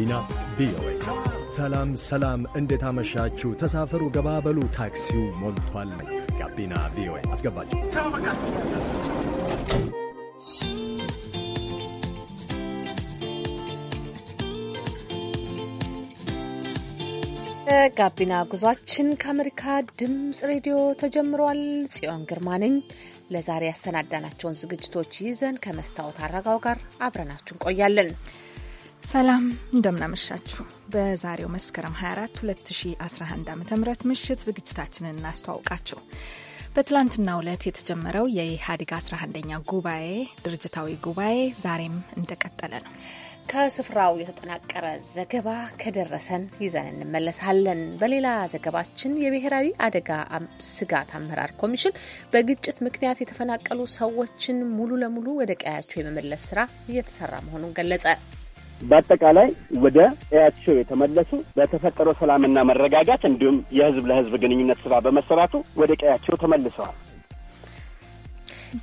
ጋቢና ቪኦኤ። ሰላም ሰላም፣ እንዴት አመሻችሁ? ተሳፈሩ፣ ገባበሉ፣ ታክሲው ሞልቷል። ጋቢና ቪኦኤ ሰላም ሰላም እንዴት አመሻችሁ ተሳፈሩ በሉ ታክሲው ሞልቷል ጋቢና ቪኦኤ አስገባችሁ ጋቢና ጉዟችን ከአሜሪካ ድምፅ ሬዲዮ ተጀምሯል። ጽዮን ግርማ ነኝ። ለዛሬ ያሰናዳናቸውን ዝግጅቶች ይዘን ከመስታወት አረጋው ጋር አብረናችሁ እንቆያለን። ሰላም እንደምናመሻችሁ። በዛሬው መስከረም 24 2011 ዓ ም ምሽት ዝግጅታችንን እናስተዋውቃችሁ። በትላንትናው ዕለት የተጀመረው የኢህአዴግ 11ኛ ጉባኤ ድርጅታዊ ጉባኤ ዛሬም እንደቀጠለ ነው። ከስፍራው የተጠናቀረ ዘገባ ከደረሰን ይዘን እንመለሳለን። በሌላ ዘገባችን የብሔራዊ አደጋ ስጋት አመራር ኮሚሽን በግጭት ምክንያት የተፈናቀሉ ሰዎችን ሙሉ ለሙሉ ወደ ቀያቸው የመመለስ ስራ እየተሰራ መሆኑን ገለጸ። በአጠቃላይ ወደ ቀያቸው የተመለሱ በተፈጠረው ሰላምና መረጋጋት እንዲሁም የህዝብ ለህዝብ ግንኙነት ስራ በመሰራቱ ወደ ቀያቸው ተመልሰዋል።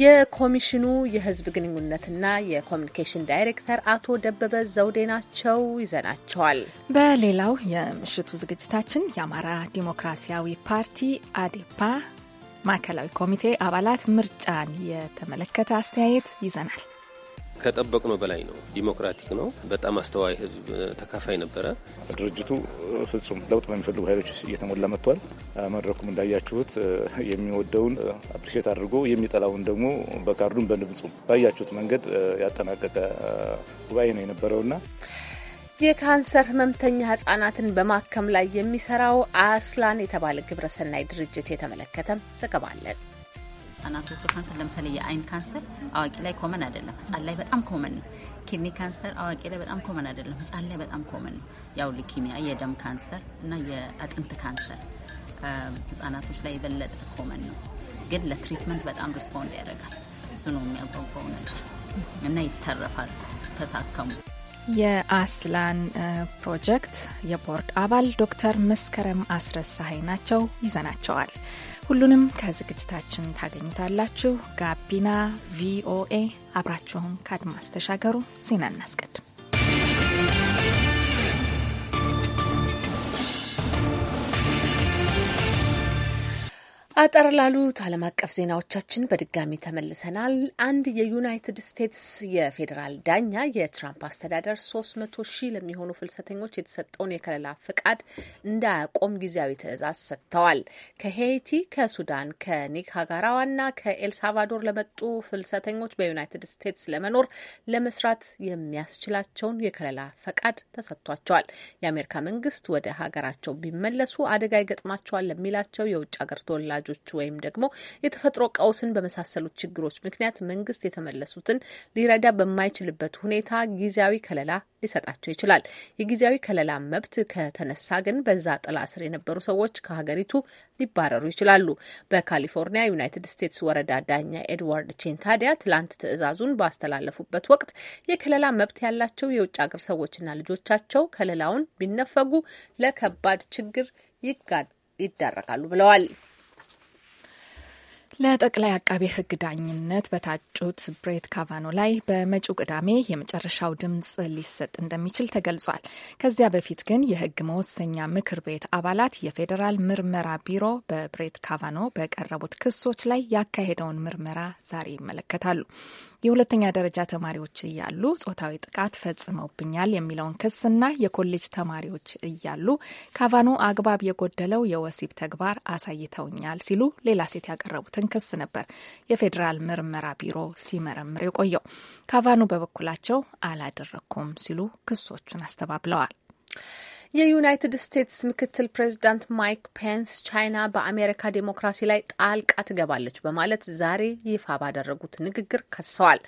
የኮሚሽኑ የህዝብ ግንኙነትና የኮሚኒኬሽን ዳይሬክተር አቶ ደበበ ዘውዴ ናቸው። ይዘናቸዋል። በሌላው የምሽቱ ዝግጅታችን የአማራ ዲሞክራሲያዊ ፓርቲ አዴፓ ማዕከላዊ ኮሚቴ አባላት ምርጫን የተመለከተ አስተያየት ይዘናል። ነው በላይ ነው። ዲሞክራቲክ ነው። በጣም አስተዋይ ህዝብ ተካፋይ ነበረ። ድርጅቱ ፍጹም ለውጥ በሚፈልጉ ኃይሎች እየተሞላ መጥቷል። መድረኩም እንዳያችሁት የሚወደውን አፕሪሴት አድርጎ የሚጠላውን ደግሞ በካርዱን በንብጹም ባያችሁት መንገድ ያጠናቀቀ ጉባኤ ነው የነበረውና የካንሰር ህመምተኛ ህጻናትን በማከም ላይ የሚሰራው አስላን የተባለ ግብረሰናይ ድርጅት የተመለከተም ዘገባ አለን። ህጻናቶቹ ካንሰር ለምሳሌ የአይን ካንሰር አዋቂ ላይ ኮመን አይደለም፣ ህጻን ላይ በጣም ኮመን ነው። ኪድኒ ካንሰር አዋቂ ላይ በጣም ኮመን አይደለም፣ ህጻን ላይ በጣም ኮመን ነው። ያው ሊኪሚያ፣ የደም ካንሰር እና የአጥንት ካንሰር ህጻናቶች ላይ የበለጠ ኮመን ነው፣ ግን ለትሪትመንት በጣም ሪስፖንድ ያደርጋል። እሱ ነው የሚያጓጓው ነገር እና ይተረፋል ተታከሙ። የአስላን ፕሮጀክት የቦርድ አባል ዶክተር መስከረም አስረሳሀይ ናቸው። ይዘናቸዋል። ሁሉንም ከዝግጅታችን ታገኙታላችሁ። ጋቢና ቪኦኤ አብራችሁን ከአድማስ ተሻገሩ። ዜና እናስቀድም። አጠር ላሉት ዓለም አቀፍ ዜናዎቻችን በድጋሚ ተመልሰናል። አንድ የዩናይትድ ስቴትስ የፌዴራል ዳኛ የትራምፕ አስተዳደር ሶስት መቶ ሺህ ለሚሆኑ ፍልሰተኞች የተሰጠውን የከለላ ፍቃድ እንዳያቆም ጊዜያዊ ትዕዛዝ ሰጥተዋል። ከሄይቲ፣ ከሱዳን፣ ከኒካራጓና ከኤልሳልቫዶር ለመጡ ፍልሰተኞች በዩናይትድ ስቴትስ ለመኖር ለመስራት የሚያስችላቸውን የከለላ ፈቃድ ተሰጥቷቸዋል። የአሜሪካ መንግስት ወደ ሀገራቸው ቢመለሱ አደጋ ይገጥማቸዋል ለሚላቸው የውጭ ሀገር ተወላጅ ወላጆች ወይም ደግሞ የተፈጥሮ ቀውስን በመሳሰሉት ችግሮች ምክንያት መንግስት የተመለሱትን ሊረዳ በማይችልበት ሁኔታ ጊዜያዊ ከለላ ሊሰጣቸው ይችላል። የጊዜያዊ ከለላ መብት ከተነሳ ግን በዛ ጥላ ስር የነበሩ ሰዎች ከሀገሪቱ ሊባረሩ ይችላሉ። በካሊፎርኒያ ዩናይትድ ስቴትስ ወረዳ ዳኛ ኤድዋርድ ቼን ታዲያ ትላንት ትዕዛዙን ባስተላለፉበት ወቅት የከለላ መብት ያላቸው የውጭ ሀገር ሰዎችና ልጆቻቸው ከለላውን ቢነፈጉ ለከባድ ችግር ይጋ ይዳረጋሉ ብለዋል። ለጠቅላይ አቃቤ ሕግ ዳኝነት በታጩት ብሬት ካቫኖ ላይ በመጪው ቅዳሜ የመጨረሻው ድምፅ ሊሰጥ እንደሚችል ተገልጿል። ከዚያ በፊት ግን የሕግ መወሰኛ ምክር ቤት አባላት የፌዴራል ምርመራ ቢሮ በብሬት ካቫኖ በቀረቡት ክሶች ላይ ያካሄደውን ምርመራ ዛሬ ይመለከታሉ። የሁለተኛ ደረጃ ተማሪዎች እያሉ ጾታዊ ጥቃት ፈጽመውብኛል የሚለውን ክስና የኮሌጅ ተማሪዎች እያሉ ካቫኖ አግባብ የጎደለው የወሲብ ተግባር አሳይተውኛል ሲሉ ሌላ ሴት ያቀረቡትን ክስ ነበር የፌዴራል ምርመራ ቢሮ ሲመረምር የቆየው። ካቫኖ በበኩላቸው አላደረግኩም ሲሉ ክሶቹን አስተባብለዋል። የዩናይትድ ስቴትስ ምክትል ፕሬዚዳንት ማይክ ፔንስ ቻይና በአሜሪካ ዴሞክራሲ ላይ ጣልቃ ትገባለች በማለት ዛሬ ይፋ ባደረጉት ንግግር ከሰዋል።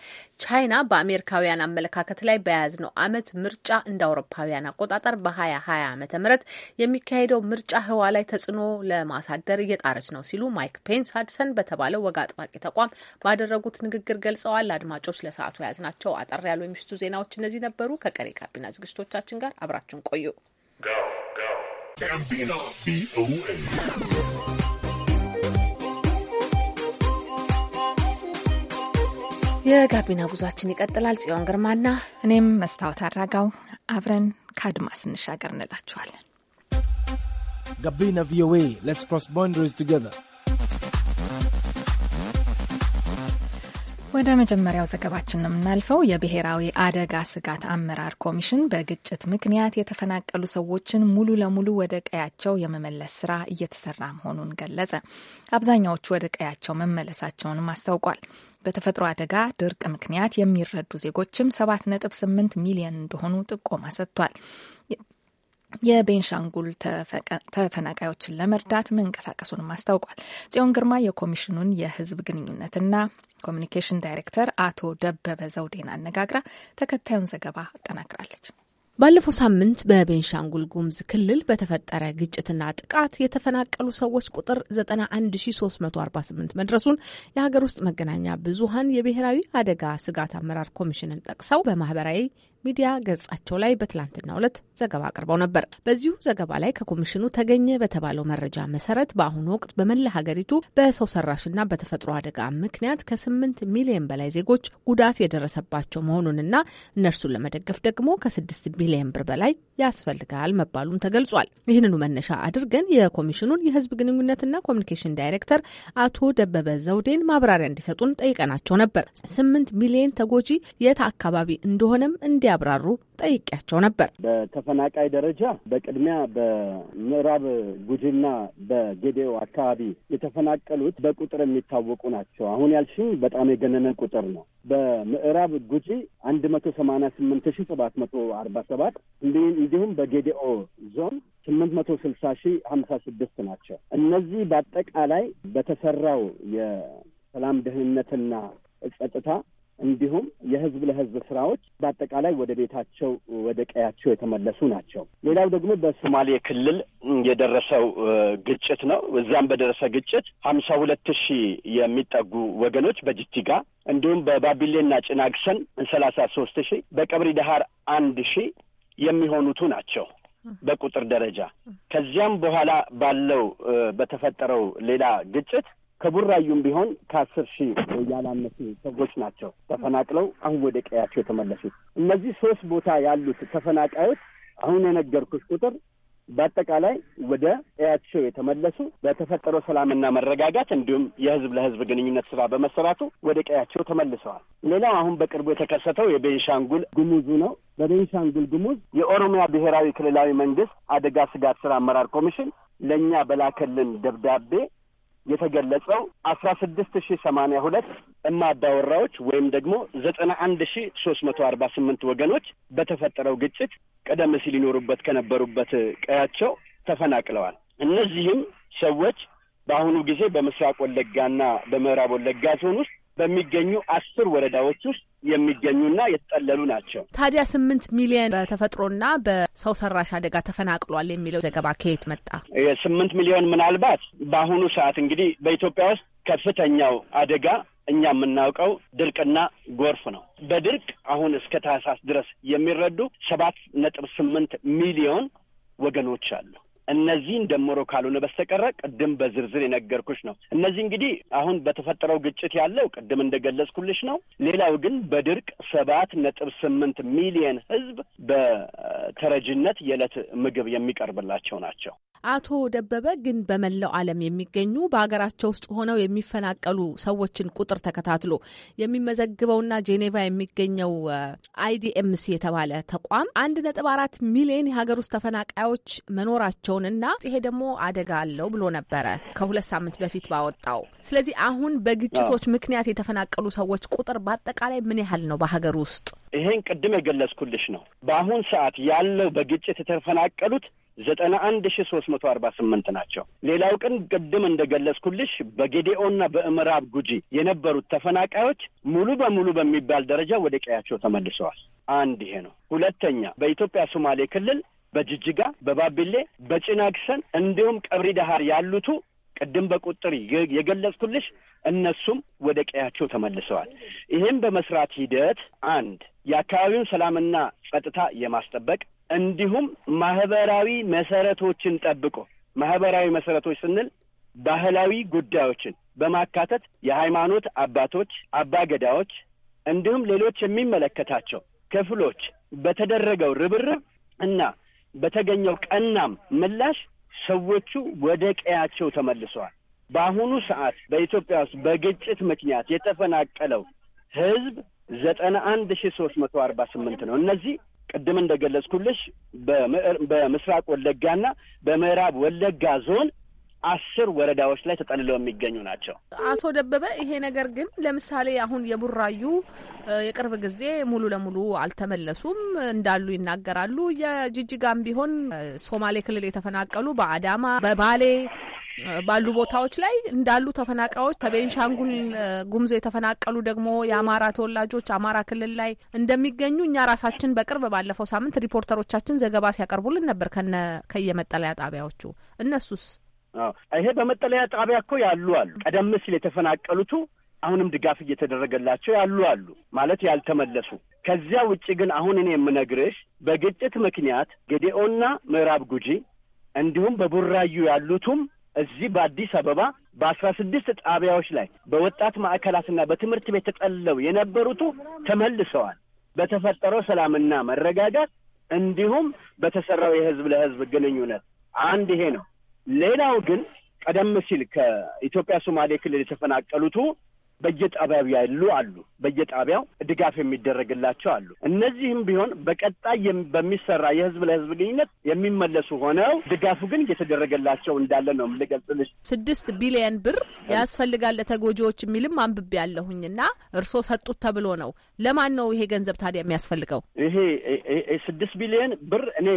ቻይና በአሜሪካውያን አመለካከት ላይ በያዝነው ዓመት ምርጫ እንደ አውሮፓውያን አቆጣጠር በ2020 ዓመተ ምህረት የሚካሄደው ምርጫ ህዋ ላይ ተጽዕኖ ለማሳደር እየጣረች ነው ሲሉ ማይክ ፔንስ ሀድሰን በተባለው ወግ አጥባቂ ተቋም ባደረጉት ንግግር ገልጸዋል። አድማጮች ለሰዓቱ የያዝናቸው አጠር ያሉ የምሽቱ ዜናዎች እነዚህ ነበሩ። ከቀሪ ካቢና ዝግጅቶቻችን ጋር አብራችን ቆዩ። የጋቢና ጉዟችን ይቀጥላል። ጽዮን ግርማና እኔም መስታወት አድራጋው አብረን ከአድማስ እንሻገር እንላችኋለን። ጋቢና ቪኦኤ ሌትስ ክሮስ ባውንደሪስ ቱጌዘር ወደ መጀመሪያው ዘገባችን ነው የምናልፈው። የብሔራዊ አደጋ ስጋት አመራር ኮሚሽን በግጭት ምክንያት የተፈናቀሉ ሰዎችን ሙሉ ለሙሉ ወደ ቀያቸው የመመለስ ስራ እየተሰራ መሆኑን ገለጸ። አብዛኛዎቹ ወደ ቀያቸው መመለሳቸውንም አስታውቋል። በተፈጥሮ አደጋ ድርቅ ምክንያት የሚረዱ ዜጎችም 7.8 ሚሊዮን እንደሆኑ ጥቆማ ሰጥቷል። የቤንሻንጉል ተፈናቃዮችን ለመርዳት መንቀሳቀሱንም አስታውቋል። ጽዮን ግርማ የኮሚሽኑን የህዝብ ግንኙነትና ኮሚኒኬሽን ዳይሬክተር አቶ ደበበ ዘውዴን አነጋግራ ተከታዩን ዘገባ አጠናቅራለች። ባለፈው ሳምንት በቤንሻንጉል ጉሙዝ ክልል በተፈጠረ ግጭትና ጥቃት የተፈናቀሉ ሰዎች ቁጥር 91348 መድረሱን የሀገር ውስጥ መገናኛ ብዙሃን የብሔራዊ አደጋ ስጋት አመራር ኮሚሽንን ጠቅሰው በማህበራዊ ሚዲያ ገጻቸው ላይ በትላንትናው ዕለት ዘገባ አቅርበው ነበር። በዚሁ ዘገባ ላይ ከኮሚሽኑ ተገኘ በተባለው መረጃ መሰረት በአሁኑ ወቅት በመላ ሀገሪቱ በሰው ሰራሽና በተፈጥሮ አደጋ ምክንያት ከስምንት ሚሊዮን በላይ ዜጎች ጉዳት የደረሰባቸው መሆኑንና እነርሱን ለመደገፍ ደግሞ ከስድስት ቢሊዮን ብር በላይ ያስፈልጋል መባሉም ተገልጿል። ይህንኑ መነሻ አድርገን የኮሚሽኑን የህዝብ ግንኙነትና ኮሚኒኬሽን ዳይሬክተር አቶ ደበበ ዘውዴን ማብራሪያ እንዲሰጡን ጠይቀናቸው ነበር። ስምንት ሚሊዮን ተጎጂ የት አካባቢ እንደሆነም እንዲያ እንዲያብራሩ ጠይቄያቸው ነበር። በተፈናቃይ ደረጃ በቅድሚያ በምዕራብ ጉጂና በጌዴኦ አካባቢ የተፈናቀሉት በቁጥር የሚታወቁ ናቸው። አሁን ያልሽኝ በጣም የገነነ ቁጥር ነው። በምዕራብ ጉጂ አንድ መቶ ሰማንያ ስምንት ሺ ሰባት መቶ አርባ ሰባት እንዲሁም በጌዴኦ ዞን ስምንት መቶ ስልሳ ሺ ሀምሳ ስድስት ናቸው። እነዚህ በአጠቃላይ በተሰራው የሰላም ደህንነትና ጸጥታ እንዲሁም የህዝብ ለህዝብ ስራዎች በአጠቃላይ ወደ ቤታቸው ወደ ቀያቸው የተመለሱ ናቸው። ሌላው ደግሞ በሶማሌ ክልል የደረሰው ግጭት ነው። እዛም በደረሰ ግጭት ሀምሳ ሁለት ሺህ የሚጠጉ ወገኖች በጅቲጋ እንዲሁም በባቢሌና ጭናግሰን ሰላሳ ሶስት ሺህ በቀብሪ ዳሀር አንድ ሺህ የሚሆኑቱ ናቸው በቁጥር ደረጃ ከዚያም በኋላ ባለው በተፈጠረው ሌላ ግጭት ከቡራዩም ቢሆን ከአስር ሺህ ያላነሱ ሰዎች ናቸው ተፈናቅለው አሁን ወደ ቀያቸው የተመለሱት። እነዚህ ሶስት ቦታ ያሉት ተፈናቃዮች አሁን የነገርኩት ቁጥር በአጠቃላይ ወደ ቀያቸው የተመለሱ በተፈጠረው ሰላምና መረጋጋት እንዲሁም የህዝብ ለህዝብ ግንኙነት ስራ በመሰራቱ ወደ ቀያቸው ተመልሰዋል። ሌላው አሁን በቅርቡ የተከሰተው የቤንሻንጉል ጉሙዙ ነው። በቤንሻንጉል ጉሙዝ የኦሮሚያ ብሔራዊ ክልላዊ መንግስት አደጋ ስጋት ስራ አመራር ኮሚሽን ለእኛ በላከልን ደብዳቤ የተገለጸው አስራ ስድስት ሺ ሰማንያ ሁለት እማባወራዎች ወይም ደግሞ ዘጠና አንድ ሺ ሶስት መቶ አርባ ስምንት ወገኖች በተፈጠረው ግጭት ቀደም ሲል ይኖሩበት ከነበሩበት ቀያቸው ተፈናቅለዋል። እነዚህም ሰዎች በአሁኑ ጊዜ በምስራቅ ወለጋና በምዕራብ ወለጋ ዞን ውስጥ በሚገኙ አስር ወረዳዎች ውስጥ የሚገኙና የተጠለሉ ናቸው። ታዲያ ስምንት ሚሊዮን በተፈጥሮና በሰው ሰራሽ አደጋ ተፈናቅሏል የሚለው ዘገባ ከየት መጣ? የስምንት ሚሊዮን ምናልባት በአሁኑ ሰዓት እንግዲህ በኢትዮጵያ ውስጥ ከፍተኛው አደጋ እኛ የምናውቀው ድርቅና ጎርፍ ነው። በድርቅ አሁን እስከ ታህሳስ ድረስ የሚረዱ ሰባት ነጥብ ስምንት ሚሊዮን ወገኖች አሉ። እነዚህን ደምሮ ካልሆነ በስተቀረ ቅድም በዝርዝር የነገርኩሽ ነው። እነዚህ እንግዲህ አሁን በተፈጠረው ግጭት ያለው ቅድም እንደገለጽኩልሽ ነው። ሌላው ግን በድርቅ ሰባት ነጥብ ስምንት ሚሊየን ህዝብ በተረጅነት የዕለት ምግብ የሚቀርብላቸው ናቸው። አቶ ደበበ ግን በመላው ዓለም የሚገኙ በሀገራቸው ውስጥ ሆነው የሚፈናቀሉ ሰዎችን ቁጥር ተከታትሎ የሚመዘግበውና ጄኔቫ የሚገኘው አይዲኤምሲ የተባለ ተቋም አንድ ነጥብ አራት ሚሊዮን የሀገር ውስጥ ተፈናቃዮች መኖራቸውን እና ይሄ ደግሞ አደጋ አለው ብሎ ነበረ ከሁለት ሳምንት በፊት ባወጣው። ስለዚህ አሁን በግጭቶች ምክንያት የተፈናቀሉ ሰዎች ቁጥር በአጠቃላይ ምን ያህል ነው በሀገር ውስጥ? ይሄን ቅድም የገለጽኩልሽ ነው። በአሁን ሰዓት ያለው በግጭት የተፈናቀሉት ዘጠና አንድ ሺ ሶስት መቶ አርባ ስምንት ናቸው። ሌላው ቀን ቅድም እንደገለጽኩልሽ በጌዴኦና በምዕራብ ጉጂ የነበሩት ተፈናቃዮች ሙሉ በሙሉ በሚባል ደረጃ ወደ ቀያቸው ተመልሰዋል። አንድ ይሄ ነው። ሁለተኛ በኢትዮጵያ ሶማሌ ክልል በጅጅጋ፣ በባቢሌ፣ በጭናክሰን እንዲሁም ቀብሪ ዳሃር ያሉቱ ቅድም በቁጥር የገለጽኩልሽ እነሱም ወደ ቀያቸው ተመልሰዋል። ይህም በመስራት ሂደት አንድ የአካባቢውን ሰላምና ጸጥታ የማስጠበቅ እንዲሁም ማህበራዊ መሰረቶችን ጠብቆ ማህበራዊ መሰረቶች ስንል ባህላዊ ጉዳዮችን በማካተት የሃይማኖት አባቶች፣ አባገዳዎች እንዲሁም ሌሎች የሚመለከታቸው ክፍሎች በተደረገው ርብርብ እና በተገኘው ቀናም ምላሽ ሰዎቹ ወደ ቀያቸው ተመልሰዋል። በአሁኑ ሰዓት በኢትዮጵያ ውስጥ በግጭት ምክንያት የተፈናቀለው ህዝብ ዘጠና አንድ ሺ ሶስት መቶ አርባ ስምንት ነው። እነዚህ ቅድም እንደገለጽኩልሽ በምስራቅ ወለጋና በምዕራብ ወለጋ ዞን አስር ወረዳዎች ላይ ተጠልለው የሚገኙ ናቸው። አቶ ደበበ፣ ይሄ ነገር ግን ለምሳሌ አሁን የቡራዩ የቅርብ ጊዜ ሙሉ ለሙሉ አልተመለሱም እንዳሉ ይናገራሉ። የጅጅጋም ቢሆን ሶማሌ ክልል የተፈናቀሉ በአዳማ በባሌ ባሉ ቦታዎች ላይ እንዳሉ ተፈናቃዮች ከቤንሻንጉል ጉምዞ የተፈናቀሉ ደግሞ የአማራ ተወላጆች አማራ ክልል ላይ እንደሚገኙ እኛ ራሳችን በቅርብ ባለፈው ሳምንት ሪፖርተሮቻችን ዘገባ ሲያቀርቡልን ነበር ከነ ከየመጠለያ ጣቢያዎቹ እነሱስ ይሄ በመጠለያ ጣቢያ እኮ ያሉ አሉ ቀደም ሲል የተፈናቀሉቱ አሁንም ድጋፍ እየተደረገላቸው ያሉ አሉ ማለት ያልተመለሱ ከዚያ ውጭ ግን አሁን እኔ የምነግርሽ በግጭት ምክንያት ጌዴኦና ምዕራብ ጉጂ እንዲሁም በቡራዩ ያሉቱም እዚህ በአዲስ አበባ በአስራ ስድስት ጣቢያዎች ላይ በወጣት ማዕከላትና በትምህርት ቤት ተጠለው የነበሩቱ ተመልሰዋል። በተፈጠረው ሰላምና መረጋጋት እንዲሁም በተሰራው የህዝብ ለህዝብ ግንኙነት አንድ ይሄ ነው። ሌላው ግን ቀደም ሲል ከኢትዮጵያ ሶማሌ ክልል የተፈናቀሉቱ በየጣቢያው ያሉ አሉ፣ በየጣቢያው ድጋፍ የሚደረግላቸው አሉ። እነዚህም ቢሆን በቀጣይ በሚሰራ የህዝብ ለህዝብ ግንኙነት የሚመለሱ ሆነው ድጋፉ ግን እየተደረገላቸው እንዳለ ነው ልገልጽልሽ። ስድስት ቢሊየን ብር ያስፈልጋል ለተጎጂዎች የሚልም አንብቤ ያለሁኝ እና እርስዎ ሰጡት ተብሎ ነው። ለማን ነው ይሄ ገንዘብ ታዲያ የሚያስፈልገው? ይሄ ስድስት ቢሊየን ብር እኔ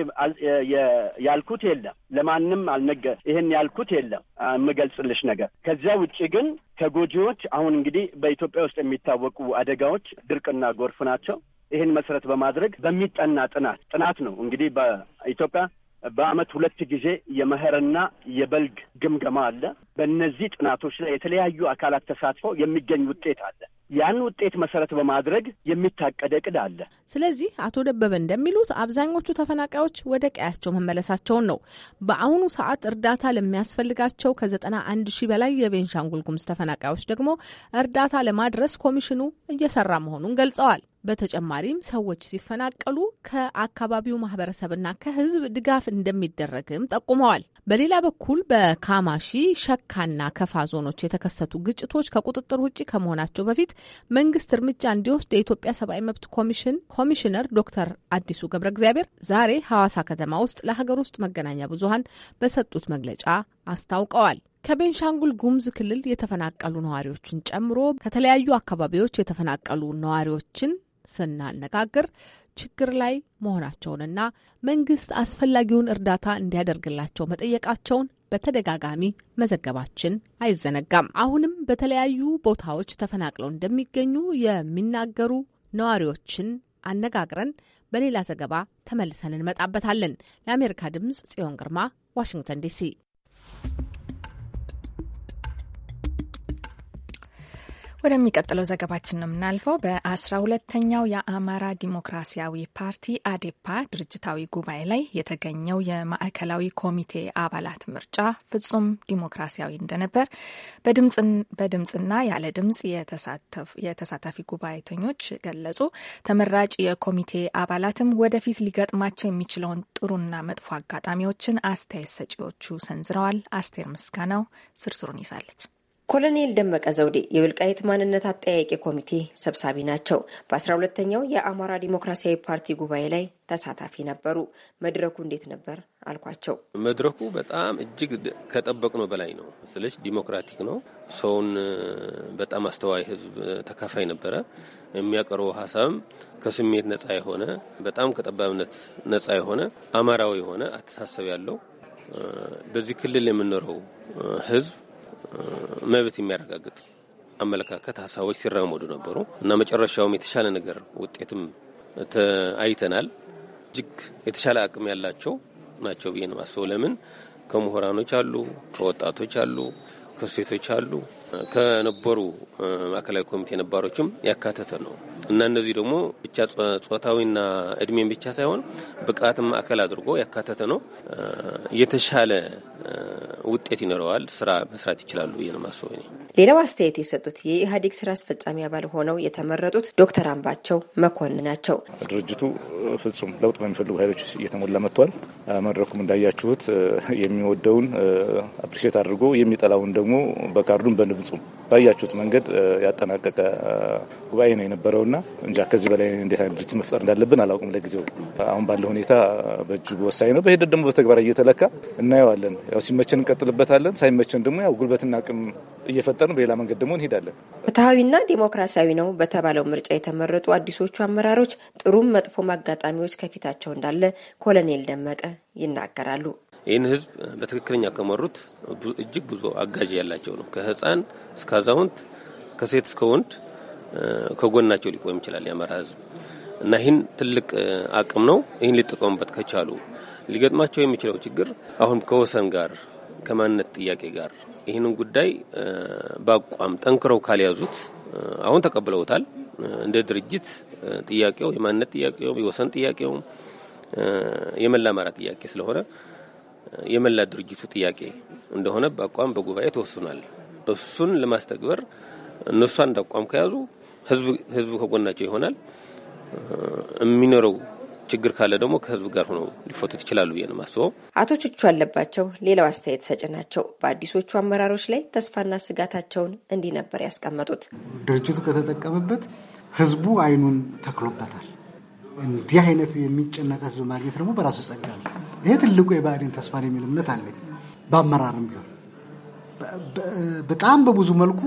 ያልኩት የለም፣ ለማንም አልነገ ይህን ያልኩት የለም የምገልጽልሽ ነገር። ከዚያ ውጭ ግን ተጎጂዎች አሁን እንግዲህ እንግዲህ በኢትዮጵያ ውስጥ የሚታወቁ አደጋዎች ድርቅና ጎርፍ ናቸው። ይህን መሰረት በማድረግ በሚጠና ጥናት ጥናት ነው እንግዲህ በኢትዮጵያ በአመት ሁለት ጊዜ የመኸርና የበልግ ግምገማ አለ። በእነዚህ ጥናቶች ላይ የተለያዩ አካላት ተሳትፈው የሚገኝ ውጤት አለ። ያን ውጤት መሰረት በማድረግ የሚታቀደ እቅድ አለ። ስለዚህ አቶ ደበበ እንደሚሉት አብዛኞቹ ተፈናቃዮች ወደ ቀያቸው መመለሳቸውን ነው። በአሁኑ ሰዓት እርዳታ ለሚያስፈልጋቸው ከዘጠና አንድ ሺህ በላይ የቤንሻንጉል ጉምዝ ተፈናቃዮች ደግሞ እርዳታ ለማድረስ ኮሚሽኑ እየሰራ መሆኑን ገልጸዋል። በተጨማሪም ሰዎች ሲፈናቀሉ ከአካባቢው ማህበረሰብና ከህዝብ ድጋፍ እንደሚደረግም ጠቁመዋል። በሌላ በኩል በካማሺ ሸካና ከፋ ዞኖች የተከሰቱ ግጭቶች ከቁጥጥር ውጭ ከመሆናቸው በፊት መንግስት እርምጃ እንዲወስድ የኢትዮጵያ ሰብአዊ መብት ኮሚሽን ኮሚሽነር ዶክተር አዲሱ ገብረ እግዚአብሔር ዛሬ ሐዋሳ ከተማ ውስጥ ለሀገር ውስጥ መገናኛ ብዙሀን በሰጡት መግለጫ አስታውቀዋል። ከቤንሻንጉል ጉሙዝ ክልል የተፈናቀሉ ነዋሪዎችን ጨምሮ ከተለያዩ አካባቢዎች የተፈናቀሉ ነዋሪዎችን ስናነጋግር ችግር ላይ መሆናቸውንና መንግስት አስፈላጊውን እርዳታ እንዲያደርግላቸው መጠየቃቸውን በተደጋጋሚ መዘገባችን አይዘነጋም። አሁንም በተለያዩ ቦታዎች ተፈናቅለው እንደሚገኙ የሚናገሩ ነዋሪዎችን አነጋግረን በሌላ ዘገባ ተመልሰን እንመጣበታለን። ለአሜሪካ ድምጽ ጽዮን ግርማ ዋሽንግተን ዲሲ። ወደሚቀጥለው ዘገባችን ነው የምናልፈው። በአስራ ሁለተኛው የአማራ ዲሞክራሲያዊ ፓርቲ አዴፓ ድርጅታዊ ጉባኤ ላይ የተገኘው የማዕከላዊ ኮሚቴ አባላት ምርጫ ፍጹም ዲሞክራሲያዊ እንደነበር በድምፅና ያለ ድምፅ የተሳታፊ ጉባኤተኞች ገለጹ። ተመራጭ የኮሚቴ አባላትም ወደፊት ሊገጥማቸው የሚችለውን ጥሩና መጥፎ አጋጣሚዎችን አስተያየት ሰጪዎቹ ሰንዝረዋል። አስቴር ምስጋናው ዝርዝሩን ይዛለች። ኮሎኔል ደመቀ ዘውዴ የወልቃይት ማንነት አጠያቂ ኮሚቴ ሰብሳቢ ናቸው። በአስራ ሁለተኛው የአማራ ዲሞክራሲያዊ ፓርቲ ጉባኤ ላይ ተሳታፊ ነበሩ። መድረኩ እንዴት ነበር አልኳቸው። መድረኩ በጣም እጅግ ከጠበቅነው በላይ ነው። ስለች ዲሞክራቲክ ነው። ሰውን በጣም አስተዋይ ህዝብ ተካፋይ ነበረ። የሚያቀርበው ሀሳብም ከስሜት ነጻ የሆነ በጣም ከጠባብነት ነጻ የሆነ አማራዊ የሆነ አተሳሰብ ያለው በዚህ ክልል የምኖረው ህዝብ መብት የሚያረጋግጥ አመለካከት ሀሳቦች ሲራመዱ ነበሩ እና መጨረሻውም የተሻለ ነገር ውጤትም አይተናል። እጅግ የተሻለ አቅም ያላቸው ናቸው ብዬ ነው ማስበው። ለምን ከምሁራኖች አሉ፣ ከወጣቶች አሉ፣ ከሴቶች አሉ፣ ከነበሩ ማዕከላዊ ኮሚቴ ነባሮችም ያካተተ ነው እና እነዚህ ደግሞ ብቻ ጾታዊና እድሜን ብቻ ሳይሆን ብቃትን ማዕከል አድርጎ ያካተተ ነው። የተሻለ ውጤት ይኖረዋል። ስራ መስራት ይችላሉ ብዬ ነው ሌላው አስተያየት የሰጡት የኢህአዴግ ስራ አስፈጻሚ አባል ሆነው የተመረጡት ዶክተር አምባቸው መኮንን ናቸው። ድርጅቱ ፍጹም ለውጥ በሚፈልጉ ኃይሎች እየተሞላ መጥቷል። መድረኩም እንዳያችሁት የሚወደውን አፕሪሼት አድርጎ የሚጠላውን ደግሞ በካርዱን ድምፁም ባያችሁት መንገድ ያጠናቀቀ ጉባኤ ነው የነበረውና እንጃ ከዚህ በላይ እንዴት አይነት ድርጅት መፍጠር እንዳለብን አላውቅም። ለጊዜው አሁን ባለ ሁኔታ በእጅጉ ወሳኝ ነው። በሂደት ደግሞ በተግባር እየተለካ እናየዋለን። ያው ሲመቸን እንቀጥልበታለን፣ ሳይመቸን ደግሞ ያው ጉልበትና አቅም እየፈጠርን በሌላ መንገድ ደግሞ እንሄዳለን። ፍትሐዊና ዲሞክራሲያዊ ነው በተባለው ምርጫ የተመረጡ አዲሶቹ አመራሮች ጥሩም መጥፎም አጋጣሚዎች ከፊታቸው እንዳለ ኮሎኔል ደመቀ ይናገራሉ። ይህን ህዝብ በትክክለኛ ከመሩት እጅግ ብዙ አጋዥ ያላቸው ነው። ከህፃን እስከ አዛውንት፣ ከሴት እስከ ወንድ ከጎናቸው ሊቆም ይችላል የአማራ ህዝብ እና ይህን ትልቅ አቅም ነው። ይህን ሊጠቀሙበት ከቻሉ ሊገጥማቸው የሚችለው ችግር አሁን ከወሰን ጋር ከማንነት ጥያቄ ጋር ይህንን ጉዳይ በአቋም ጠንክረው ካልያዙት አሁን ተቀብለውታል። እንደ ድርጅት ጥያቄው የማንነት ጥያቄውም የወሰን ጥያቄውም የመላ አማራ ጥያቄ ስለሆነ የመላ ድርጅቱ ጥያቄ እንደሆነ በአቋም በጉባኤ ተወስኗል። እሱን ለማስተግበር እነሱ አንድ አቋም ከያዙ ህዝቡ ከጎናቸው ይሆናል። የሚኖረው ችግር ካለ ደግሞ ከህዝብ ጋር ሆነው ሊፈቱት ይችላሉ ብዬ ነው የማስበው። አቶ ቹቹ አለባቸው ሌላው አስተያየት ሰጭ ናቸው። በአዲሶቹ አመራሮች ላይ ተስፋና ስጋታቸውን እንዲህ ነበር ያስቀመጡት። ድርጅቱ ከተጠቀመበት ህዝቡ አይኑን ተክሎበታል። እንዲህ አይነት የሚጨነቅ ህዝብ ማግኘት ደግሞ በራሱ ጸጋ ነው። ይሄ ትልቁ የብአዴን ተስፋ የሚል እምነት አለኝ። በአመራርም ቢሆን በጣም በብዙ መልኩ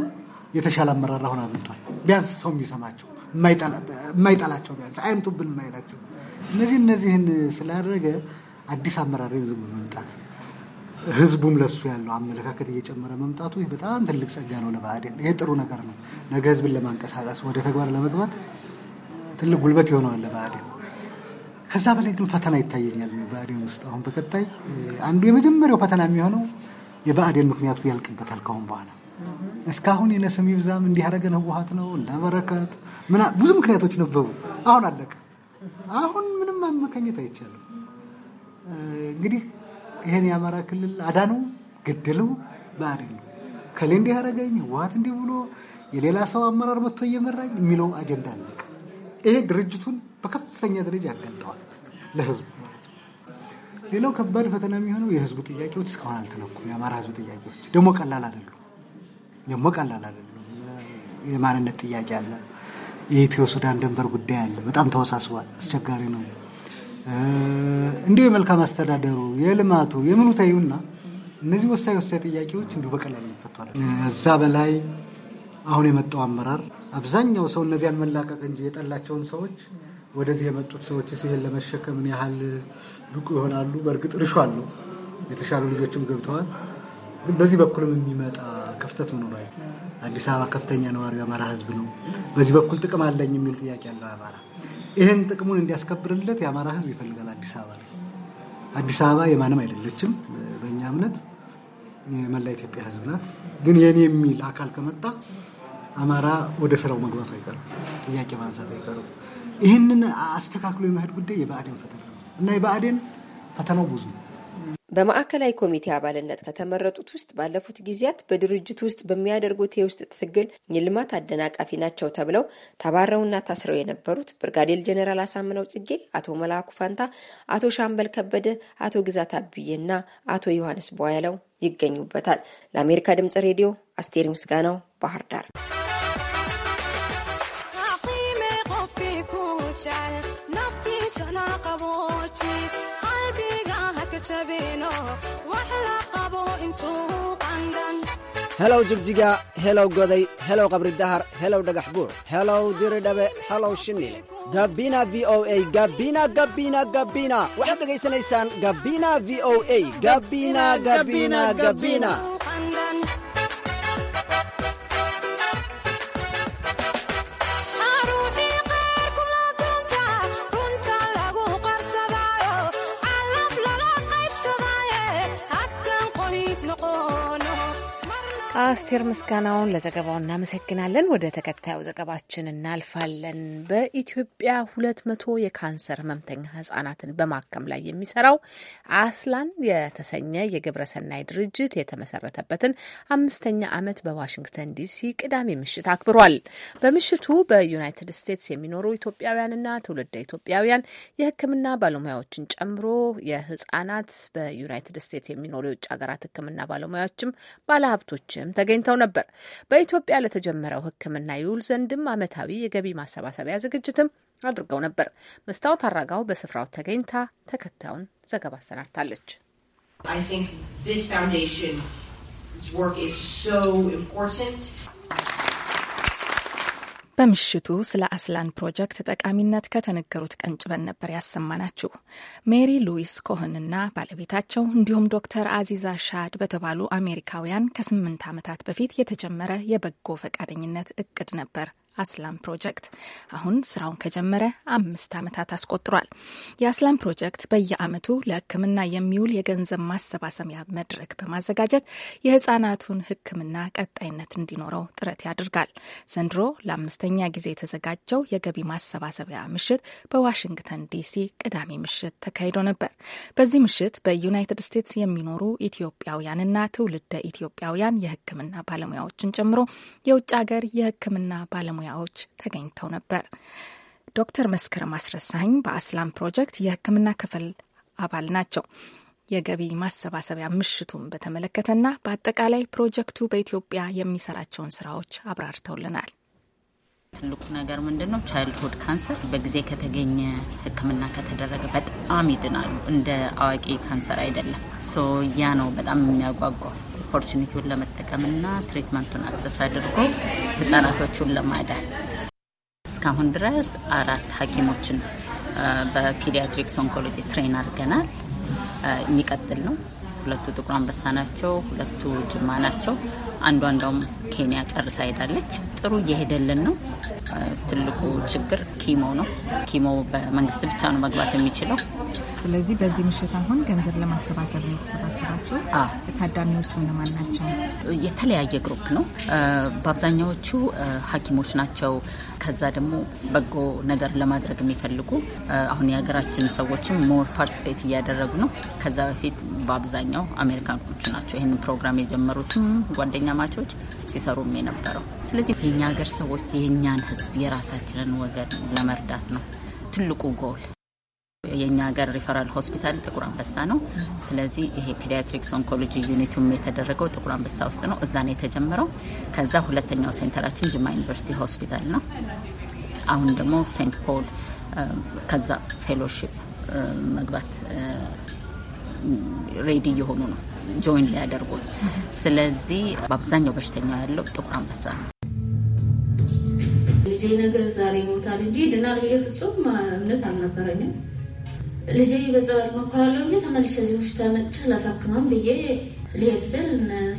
የተሻለ አመራር አሁን አግኝቷል። ቢያንስ ሰው የሚሰማቸው የማይጠላቸው ቢያንስ አይምጡብን የማይላቸው እነዚህ እነዚህን ስላደረገ አዲስ አመራር ዝም መምጣት ህዝቡም ለሱ ያለው አመለካከት እየጨመረ መምጣቱ ይህ በጣም ትልቅ ጸጋ ነው ለባህዴን። ይሄ ጥሩ ነገር ነው። ነገ ህዝብን ለማንቀሳቀስ ወደ ተግባር ለመግባት ትልቅ ጉልበት ይሆነዋል ለባህዴን። ከዛ በላይ ግን ፈተና ይታየኛል በአዴን ውስጥ አሁን በቀጣይ አንዱ የመጀመሪያው ፈተና የሚሆነው የበአዴን ምክንያቱ ያልቅበታል ከአሁን በኋላ እስካሁን የነስም ይብዛም እንዲያደረገን ህወሀት ነው ለበረከት ብዙ ምክንያቶች ነበሩ አሁን አለቀ አሁን ምንም ማመካኘት አይቻልም እንግዲህ ይህን የአማራ ክልል አዳነው ግድለው በአዴን ነው ከሌ እንዲያደረገኝ ህወሀት እንዲህ ብሎ የሌላ ሰው አመራር መጥቶ እየመራኝ የሚለው አጀንዳ አለቀ ይሄ ድርጅቱን በከፍተኛ ደረጃ ያገልጠዋል ለህዝቡ ማለት ነው። ሌላው ከባድ ፈተና የሚሆነው የህዝቡ ጥያቄዎች እስካሁን አልተነኩም። የአማራ ህዝብ ጥያቄዎች ደግሞ ቀላል አይደሉም። ደግሞ ቀላል አይደሉም። የማንነት ጥያቄ አለ። የኢትዮ ሱዳን ድንበር ጉዳይ አለ። በጣም ተወሳስቧል። አስቸጋሪ ነው። እንዲሁ የመልካም አስተዳደሩ የልማቱ የምኑ እነዚህ ወሳኝ ወሳኝ ጥያቄዎች እንዲሁ በቀላል ይፈቷል። እዛ በላይ አሁን የመጣው አመራር አብዛኛው ሰው እነዚያን መላቀቅ እንጂ የጠላቸውን ሰዎች ወደዚህ የመጡት ሰዎች ይሄን ለመሸከም ምን ያህል ብቁ ይሆናሉ? በእርግጥ እርሾ አለው። የተሻሉ ልጆችም ገብተዋል። ግን በዚህ በኩልም የሚመጣ ክፍተት መኖር አዲስ አበባ ከፍተኛ ነዋሪ የአማራ ህዝብ ነው። በዚህ በኩል ጥቅም አለኝ የሚል ጥያቄ ያለው አማራ ይህን ጥቅሙን እንዲያስከብርለት የአማራ ህዝብ ይፈልጋል። አዲስ አበባ ላይ አዲስ አበባ የማንም አይደለችም። በእኛ እምነት የመላ ኢትዮጵያ ህዝብ ናት። ግን የኔ የሚል አካል ከመጣ አማራ ወደ ስራው መግባቱ አይቀርም፣ ጥያቄ ማንሳት አይቀርም። ይህንን አስተካክሎ የመሄድ ጉዳይ የብአዴን ፈተና ነው እና የብአዴን ፈተናው ብዙ ነው። በማዕከላዊ ኮሚቴ አባልነት ከተመረጡት ውስጥ ባለፉት ጊዜያት በድርጅት ውስጥ በሚያደርጉት የውስጥ ትግል የልማት አደናቃፊ ናቸው ተብለው ተባረውና ታስረው የነበሩት ብርጋዴር ጀኔራል አሳምነው ጽጌ፣ አቶ መላኩ ፋንታ፣ አቶ ሻምበል ከበደ፣ አቶ ግዛት አብዬና አቶ ዮሐንስ ቧያለው ይገኙበታል። ለአሜሪካ ድምጽ ሬዲዮ አስቴር ምስጋናው ባህር ዳር። helow jigjiga helow goday helow qabridahar helow dhagax buur helow diridhabe helow shinil gabina v o a gabina gabina gabina waxaad dhegaysanaysaan gabina v o a gabina gabina gabina አስቴር ምስጋናውን ለዘገባው እናመሰግናለን። ወደ ተከታዩ ዘገባችን እናልፋለን። በኢትዮጵያ ሁለት መቶ የካንሰር ህመምተኛ ህጻናትን በማከም ላይ የሚሰራው አስላን የተሰኘ የግብረሰናይ ድርጅት የተመሰረተበትን አምስተኛ ዓመት በዋሽንግተን ዲሲ ቅዳሜ ምሽት አክብሯል። በምሽቱ በዩናይትድ ስቴትስ የሚኖሩ ኢትዮጵያውያንና ትውልደ ኢትዮጵያውያን የህክምና ባለሙያዎችን ጨምሮ የህጻናት በዩናይትድ ስቴትስ የሚኖሩ የውጭ ሀገራት ህክምና ባለሙያዎችም ባለሀብቶች ምሁራንም ተገኝተው ነበር። በኢትዮጵያ ለተጀመረው ሕክምና ይውል ዘንድም ዓመታዊ የገቢ ማሰባሰቢያ ዝግጅትም አድርገው ነበር። መስታወት አራጋው በስፍራው ተገኝታ ተከታዩን ዘገባ አሰናድታለች። በምሽቱ ስለ አስላን ፕሮጀክት ጠቃሚነት ከተነገሩት ቀንጭበን ነበር ያሰማናችሁ። ሜሪ ሉዊስ ኮህንና ባለቤታቸው እንዲሁም ዶክተር አዚዛ ሻድ በተባሉ አሜሪካውያን ከስምንት ዓመታት በፊት የተጀመረ የበጎ ፈቃደኝነት እቅድ ነበር አስላም ፕሮጀክት አሁን ስራውን ከጀመረ አምስት ዓመታት አስቆጥሯል። የአስላም ፕሮጀክት በየዓመቱ ለሕክምና የሚውል የገንዘብ ማሰባሰቢያ መድረክ በማዘጋጀት የህጻናቱን ሕክምና ቀጣይነት እንዲኖረው ጥረት ያደርጋል። ዘንድሮ ለአምስተኛ ጊዜ የተዘጋጀው የገቢ ማሰባሰቢያ ምሽት በዋሽንግተን ዲሲ ቅዳሜ ምሽት ተካሂዶ ነበር። በዚህ ምሽት በዩናይትድ ስቴትስ የሚኖሩ ኢትዮጵያውያንና ትውልደ ኢትዮጵያውያን የሕክምና ባለሙያዎችን ጨምሮ የውጭ ሀገር የሕክምና ባለሙያ ባለሙያዎች ተገኝተው ነበር። ዶክተር መስከረም አስረሳኝ በአስላም ፕሮጀክት የሕክምና ክፍል አባል ናቸው። የገቢ ማሰባሰቢያ ምሽቱን በተመለከተና በአጠቃላይ ፕሮጀክቱ በኢትዮጵያ የሚሰራቸውን ስራዎች አብራርተውልናል። ትልቁ ነገር ምንድን ነው? ቻይልድሁድ ካንሰር በጊዜ ከተገኘ ህክምና ከተደረገ በጣም ይድናሉ። እንደ አዋቂ ካንሰር አይደለም። ሶ ያ ነው በጣም የሚያጓጓው። ኦፖርቹኒቲውን ለመጠቀምና ትሪትመንቱን አክሰስ አድርጎ ህጻናቶቹን ለማዳን እስካሁን ድረስ አራት ሐኪሞችን በፒዲያትሪክስ ኦንኮሎጂ ትሬን አድርገናል። የሚቀጥል ነው። ሁለቱ ጥቁር አንበሳ ናቸው፣ ሁለቱ ጅማ ናቸው። አንዷ እንዳውም ኬንያ ጨርሳ ሄዳለች። ጥሩ እየሄደልን ነው። ትልቁ ችግር ኪሞ ነው። ኪሞ በመንግስት ብቻ ነው መግባት የሚችለው። ስለዚህ በዚህ ምሽት አሁን ገንዘብ ለማሰባሰብ ነው የተሰባሰባቸው። ታዳሚዎቹ እነማን ናቸው? የተለያየ ግሩፕ ነው። በአብዛኛዎቹ ሐኪሞች ናቸው። ከዛ ደግሞ በጎ ነገር ለማድረግ የሚፈልጉ አሁን የሀገራችን ሰዎችም ሞር ፓርቲስፔት እያደረጉ ነው። ከዛ በፊት በአብዛኛው አሜሪካኖቹ ናቸው ይህን ፕሮግራም የጀመሩትም ጓደኛ ማቾች ሲሰሩም የነበረው። ስለዚህ የእኛ ሀገር ሰዎች የእኛን ህዝብ የራሳችንን ወገን ለመርዳት ነው ትልቁ ጎል። የእኛ ሀገር ሪፈራል ሆስፒታል ጥቁር አንበሳ ነው። ስለዚህ ይሄ ፔዲያትሪክስ ኦንኮሎጂ ዩኒቱም የተደረገው ጥቁር አንበሳ ውስጥ ነው። እዛ ነው የተጀመረው። ከዛ ሁለተኛው ሴንተራችን ጅማ ዩኒቨርሲቲ ሆስፒታል ነው። አሁን ደግሞ ሴንት ፖል ከዛ ፌሎሺፕ መግባት ሬዲ እየሆኑ ነው ጆይን ሊያደርጉ። ስለዚህ በአብዛኛው በሽተኛ ያለው ጥቁር አንበሳ ነው። ልጄ ነገር ዛሬ ይሞታል እንጂ ድናል ፍጹም እምነት አልነበረኝም። ልጄ በጸበል እሞክራለሁ እንጂ ተመልሼ እዚህ ሆስፒታል መጥቼ አላሳክማም ብዬ ልሄድ ስል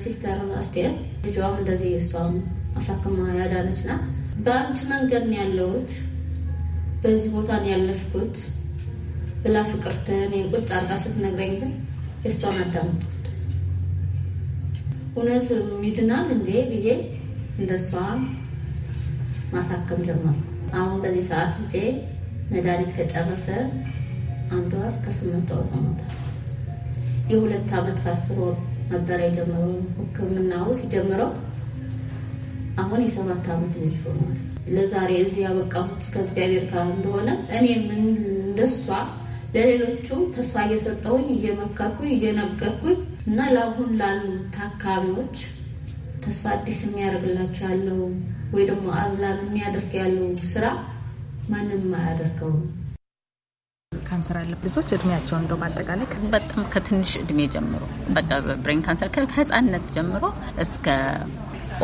ሲስተር አስቴር ልጇም እንደዚህ እሷም አሳክማ ያዳነች ናት። በአንቺ መንገድ ነው ያለሁት፣ በዚህ ቦታ ነው ያለፍኩት ብላ ፍቅርት እኔን ቁጭ አርጋ ስትነግረኝ ግን የእሷን አዳምጡት እውነት ሚድናል እንዴ ብዬ እንደ ማሳከም ጀመሩ። አሁን በዚህ ሰዓት ልጄ መድኃኒት ከጨረሰ አንዱ ወር ከስምንት ወር ሆኖታል። የሁለት ዓመት ከአስር ወር ነበረ የጀመረው ሕክምናው ሲጀምረው አሁን የሰባት ዓመት ልጅ ሆኗል። ለዛሬ እዚህ ያበቃሁት ከእግዚአብሔር ጋር እንደሆነ እኔ ምን እንደሷ ለሌሎቹ ተስፋ እየሰጠሁኝ እየመከርኩኝ እየነገርኩኝ እና ለአሁን ላሉ ታካሚዎች ተስፋ አዲስ የሚያደርግላቸው ያለው ወይ ደግሞ አዝላን የሚያደርግ ያለው ስራ ማንም አያደርገውም። ካንሰር ያለብ ልጆች እድሜያቸው እንደው በአጠቃላይ በጣም ከትንሽ እድሜ ጀምሮ በቃ ብሬን ካንሰር ከህጻንነት ጀምሮ እስከ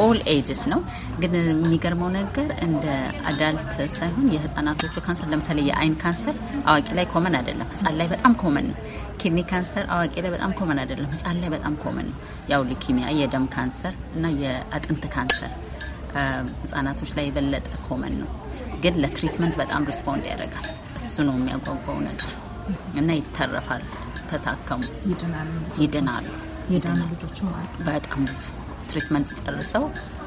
ኦል ኤጅስ ነው። ግን የሚገርመው ነገር እንደ አዳልት ሳይሆን የህፃናቶቹ ካንሰር ለምሳሌ የአይን ካንሰር አዋቂ ላይ ኮመን አይደለም፣ ህጻን ላይ በጣም ኮመን ነው። ኪድኒ ካንሰር አዋቂ ላይ በጣም ኮመን አይደለም፣ ህጻን ላይ በጣም ኮመን ነው። ያው ሊኪሚያ፣ የደም ካንሰር እና የአጥንት ካንሰር ህጻናቶች ላይ የበለጠ ኮመን ነው። ግን ለትሪትመንት በጣም ሪስፖንድ ያደርጋል። እሱ ነው የሚያጓጓው ነገር እና ይተረፋል። ተታከሙ፣ ይድናሉ። ይድናሉ፣ ልጆችም በጣም ብዙ ትሪትመንት ጨርሰው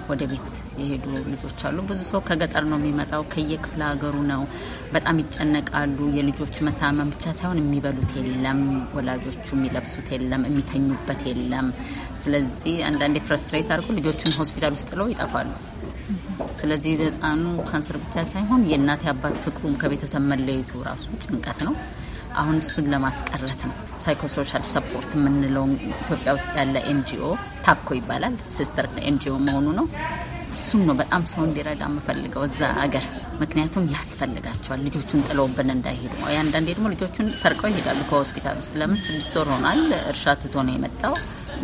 ወደ ቤት የሄዱ ልጆች አሉ። ብዙ ሰው ከገጠር ነው የሚመጣው፣ ከየክፍለ ሀገሩ ነው። በጣም ይጨነቃሉ። የልጆቹ መታመም ብቻ ሳይሆን የሚበሉት የለም፣ ወላጆቹ የሚለብሱት የለም፣ የሚተኙበት የለም። ስለዚህ አንዳንዴ ፍረስትሬት አድርጎ ልጆቹን ሆስፒታል ውስጥ ጥለው ይጠፋሉ። ስለዚህ ህፃኑ ካንሰር ብቻ ሳይሆን የእናት የአባት ፍቅሩም ከቤተሰብ መለየቱ ራሱ ጭንቀት ነው። አሁን እሱን ለማስቀረት ነው ሳይኮሶሻል ሰፖርት የምንለው ኢትዮጵያ ውስጥ ያለ ኤንጂኦ ታኮ ይባላል። ሲስተር ኤንጂኦ መሆኑ ነው። እሱም ነው በጣም ሰው እንዲረዳ የምፈልገው እዛ አገር፣ ምክንያቱም ያስፈልጋቸዋል። ልጆቹን ጥለውብን እንዳይሄዱ ነው። አንዳንዴ ደግሞ ልጆቹን ሰርቀው ይሄዳሉ ከሆስፒታል ውስጥ። ለምን ስድስት ወር ሆኗል እርሻ ትቶ ነው የመጣው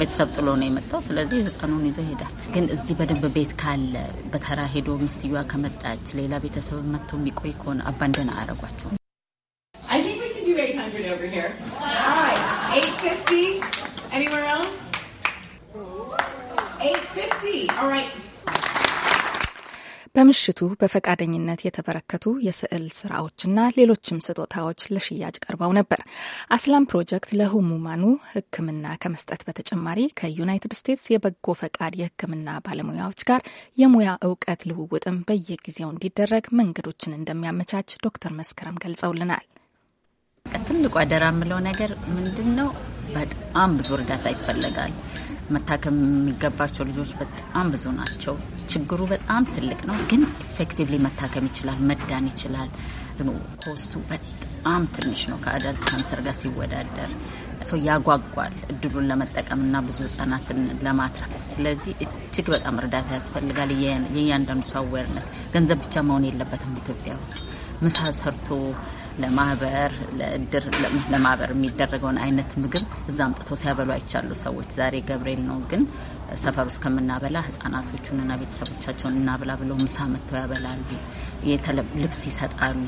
ቤተሰብ ጥሎ ነው የመጣው። ስለዚህ ህፃኑን ይዞ ይሄዳል። ግን እዚህ በደንብ ቤት ካለ በተራ ሄዶ ሚስትዮዋ ከመጣች ሌላ ቤተሰብ መጥቶ የሚቆይ ከሆነ አባንደና አረጓቸው። በምሽቱ በፈቃደኝነት የተበረከቱ የስዕል ስራዎችና ሌሎችም ስጦታዎች ለሽያጭ ቀርበው ነበር። አስላም ፕሮጀክት ለህሙማኑ ሕክምና ከመስጠት በተጨማሪ ከዩናይትድ ስቴትስ የበጎ ፈቃድ የሕክምና ባለሙያዎች ጋር የሙያ እውቀት ልውውጥም በየጊዜው እንዲደረግ መንገዶችን እንደሚያመቻች ዶክተር መስከረም ገልጸውልናል። ትልቁ አደራ የምለው ነገር ምንድን ነው? በጣም ብዙ እርዳታ ይፈለጋል። መታከም የሚገባቸው ልጆች በጣም ብዙ ናቸው። ችግሩ በጣም ትልቅ ነው፣ ግን ኢፌክቲቭሊ መታከም ይችላል፣ መዳን ይችላል። ኮስቱ በጣም ትንሽ ነው ከአዳልት ካንሰር ጋር ሲወዳደር። ሰው ያጓጓል እድሉን ለመጠቀም እና ብዙ ህጻናትን ለማትረፍ። ስለዚህ እጅግ በጣም እርዳታ ያስፈልጋል። የእያንዳንዱ ሰው አዌርነስ ገንዘብ ብቻ መሆን የለበትም። ኢትዮጵያ ውስጥ ምሳ ሰርቶ ለማህበር ለእድር ለማህበር የሚደረገውን አይነት ምግብ እዛ አምጥቶ ሲያበሉ አይቻሉ ሰዎች። ዛሬ ገብርኤል ነው ግን ሰፈር ውስጥ ከምናበላ ህጻናቶቹንና ቤተሰቦቻቸውን እናብላ ብለው ምሳ መጥተው ያበላሉ። ልብስ ይሰጣሉ።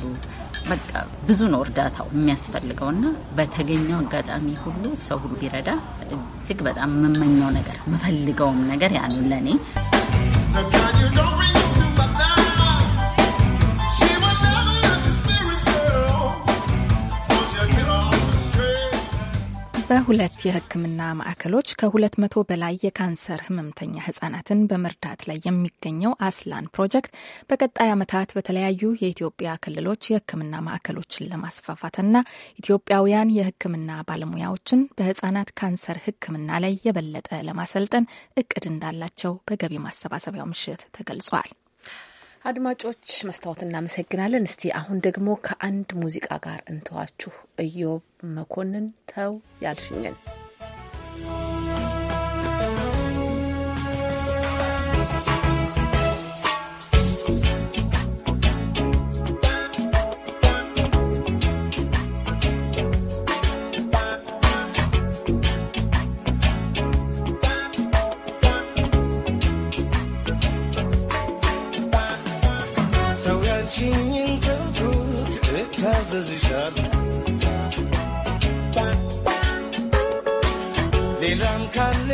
በቃ ብዙ ነው እርዳታው የሚያስፈልገው እና በተገኘው አጋጣሚ ሁሉ ሰው ሁሉ ቢረዳ እጅግ በጣም የምመኘው ነገር የምፈልገውም ነገር ያኑ ለእኔ በሁለት የሕክምና ማዕከሎች ከሁለት መቶ በላይ የካንሰር ህመምተኛ ህጻናትን በመርዳት ላይ የሚገኘው አስላን ፕሮጀክት በቀጣይ ዓመታት በተለያዩ የኢትዮጵያ ክልሎች የሕክምና ማዕከሎችን ለማስፋፋትና ኢትዮጵያውያን የሕክምና ባለሙያዎችን በህጻናት ካንሰር ሕክምና ላይ የበለጠ ለማሰልጠን እቅድ እንዳላቸው በገቢ ማሰባሰቢያው ምሽት ተገልጿል። አድማጮች መስታወት እናመሰግናለን። እስቲ አሁን ደግሞ ከአንድ ሙዚቃ ጋር እንተዋችሁ። እዮብ መኮንን ተው ያልሽኝን ያዘዝሻል ሌላም ካለ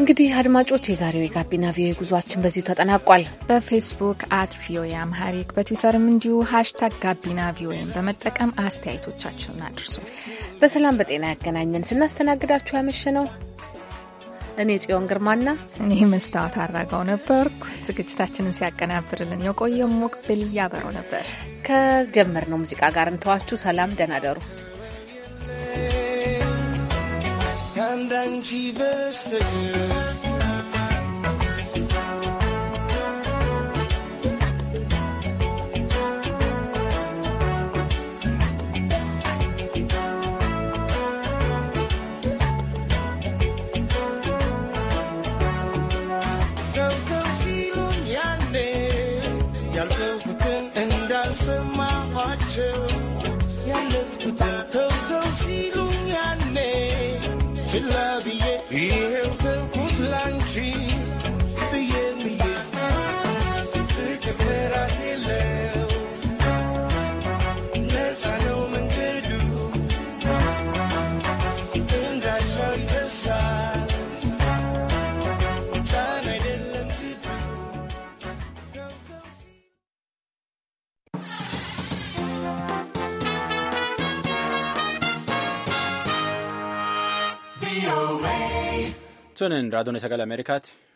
እንግዲህ አድማጮች የዛሬው የጋቢና ቪኦኤ ጉዟችን በዚሁ ተጠናቋል። በፌስቡክ አት ቪኦኤ አምሃሪክ በትዊተርም እንዲሁ ሀሽታግ ጋቢና ቪኦኤን በመጠቀም አስተያየቶቻችሁን አድርሱ። በሰላም በጤና ያገናኘን። ስናስተናግዳችሁ ነው እኔ ጽዮን ግርማና እኔ መስታወት አድራጋው ነበርኩ። ዝግጅታችንን ሲያቀናብርልን የቆየ ሞቅ ብል ያበረው ነበር። ከጀመርነው ሙዚቃ ጋር እንተዋችሁ። ሰላም፣ ደናደሩ ደሩ። አንዳንቺ በስተቀር Kun raadiyoon isa gara